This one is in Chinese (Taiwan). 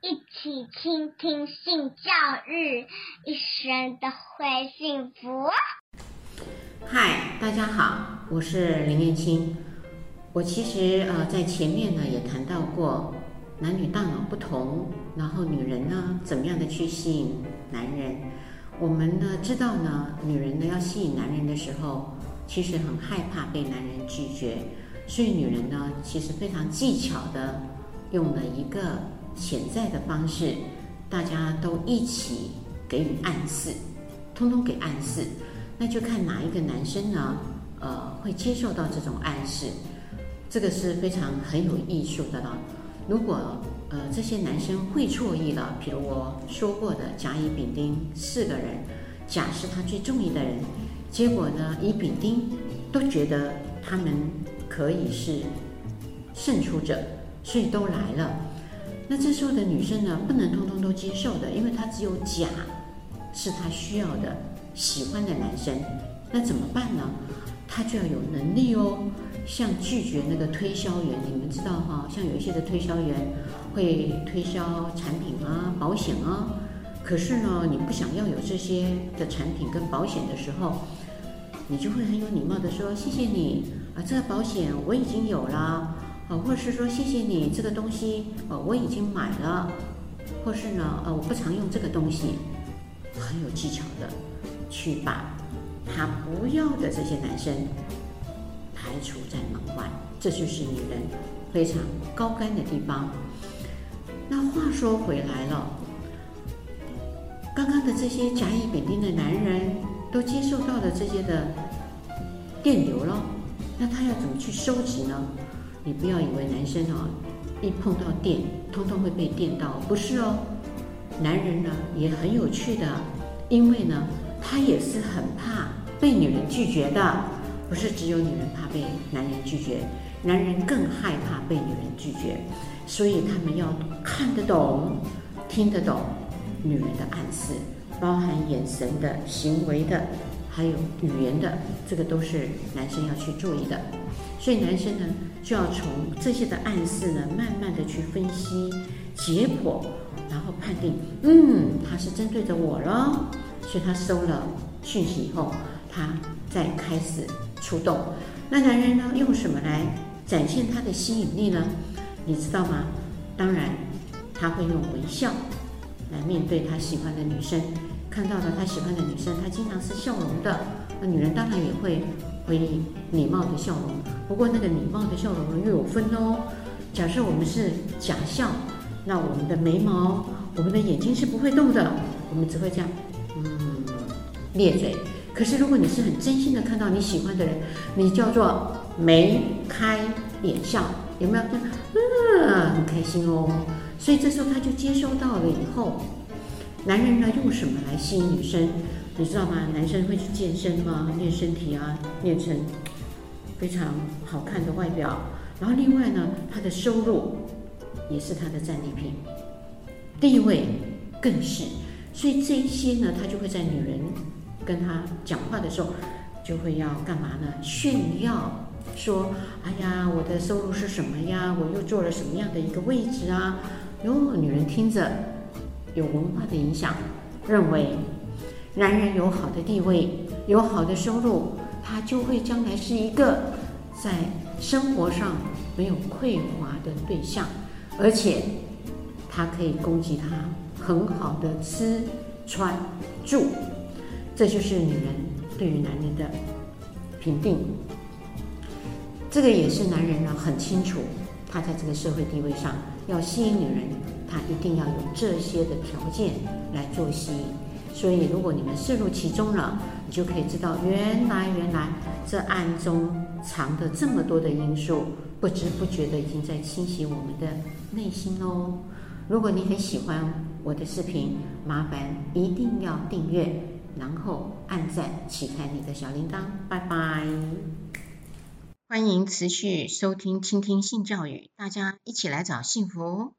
一起傾聽性教育，一生都會幸福。嗨，大家好，我是林念青。我其實呃在前面呢也談到過，男女大腦，腦不同，然後女人呢怎麼樣的去吸引男人？我們呢知道呢，女人呢要吸引男人的時候，其實很害怕被男人拒絕，所以女人呢其實非常技巧的用了一個。潛在的方式，大家都一起給予暗示，通通給暗示，那就看哪一個男生呢？呃，會接受到這種暗示，這個是非常很有藝術的了。如果呃這些男生會錯意了，比如我說過的甲乙丙丁四個人，甲是他最中意的人，結果呢乙丙丁都覺得他們可以是勝出者，所以都來了。那這時候的女生呢，不能通通都接受的，因為她只有甲，是她需要的、喜歡的男生，那怎麼辦呢？她就要有能力哦，像拒絕那個推銷員，你們知道哈、哦，像有一些的推銷員會推銷產品啊、保險啊，可是呢，你不想要有這些的產品跟保險的時候，你就會很有禮貌地說：“謝謝你啊，這個保險我已經有了。”哦，或是說，謝謝你這個東西，哦，我已經買了，或是呢，呃，我不常用這個東西，很有技巧的，去把他不要的這些男生排除在門外，這就是女人非常高干的地方。那話說回來了，剛剛的這些甲乙丙丁的男人都接受到了這些的電流了，那他要怎麼去收集呢？你不要以為男生哦，一碰到電，通通會被電到，不是哦。男人呢也很有趣的，因為呢他也是很怕被女人拒絕的，不是只有女人怕被男人拒絕，男人更害怕被女人拒絕，所以他們要看得懂，聽得懂女人的暗示，包含眼神的、行為的，還有語言的，這個都是男生要去注意的。所以男生呢，就要從這些的暗示呢，慢慢地去分析、解破，然後判定，嗯，他是針對着我咯，所以他收了訊息以後，他再開始出動。那男人呢，用什麼來展現他的吸引力呢？你知道嗎？當然，他會用微笑來面對他喜歡的女生。看到了他喜歡的女生，他經常是笑容的。那女人當然也會。回禮貌的笑容，不過那個禮貌的笑容又有分哦。假設我們是假笑，那我們的眉毛、我們的眼睛是不會動的，我們只會這樣，嗯，咧嘴。可是如果你是很真心的看到你喜歡的人，你叫做眉開眼笑，有沒有這樣？嗯，很開心哦。所以這時候他就接收到了以後，男人呢，用什麼來吸引女生？你知道嗎？男生會去健身嗎？練身體啊，練成非常好看的外表。然後另外呢，他的收入也是他的戰利品，地位更是。所以這一些呢，他就會在女人跟他講話的時候，就會要幹嘛呢？炫耀，說：“哎呀，我的收入是什麼呀？我又做了什麼樣的一個位置啊？”喲，女人聽着有文化的影響，認為。男人有好的地位，有好的收入，他就會將來是一個在生活上沒有匱乏的對象，而且他可以供給他很好的吃、穿、住。這就是女人對於男人的評定。這個也是男人呢很清楚，他在這個社會地位上要吸引女人，他一定要有這些的條件來做吸引。所以，如果你們涉入其中了，你就可以知道，原來原來這暗中藏的這麼多的因素，不知不覺的已經在侵襲我們的內心嘍、哦。如果你很喜歡我的視頻，麻煩一定要訂閱，然後按贊，啟開你的小鈴鐺。拜拜，歡迎持續收聽、傾聽性教育，大家一起來找幸福、哦。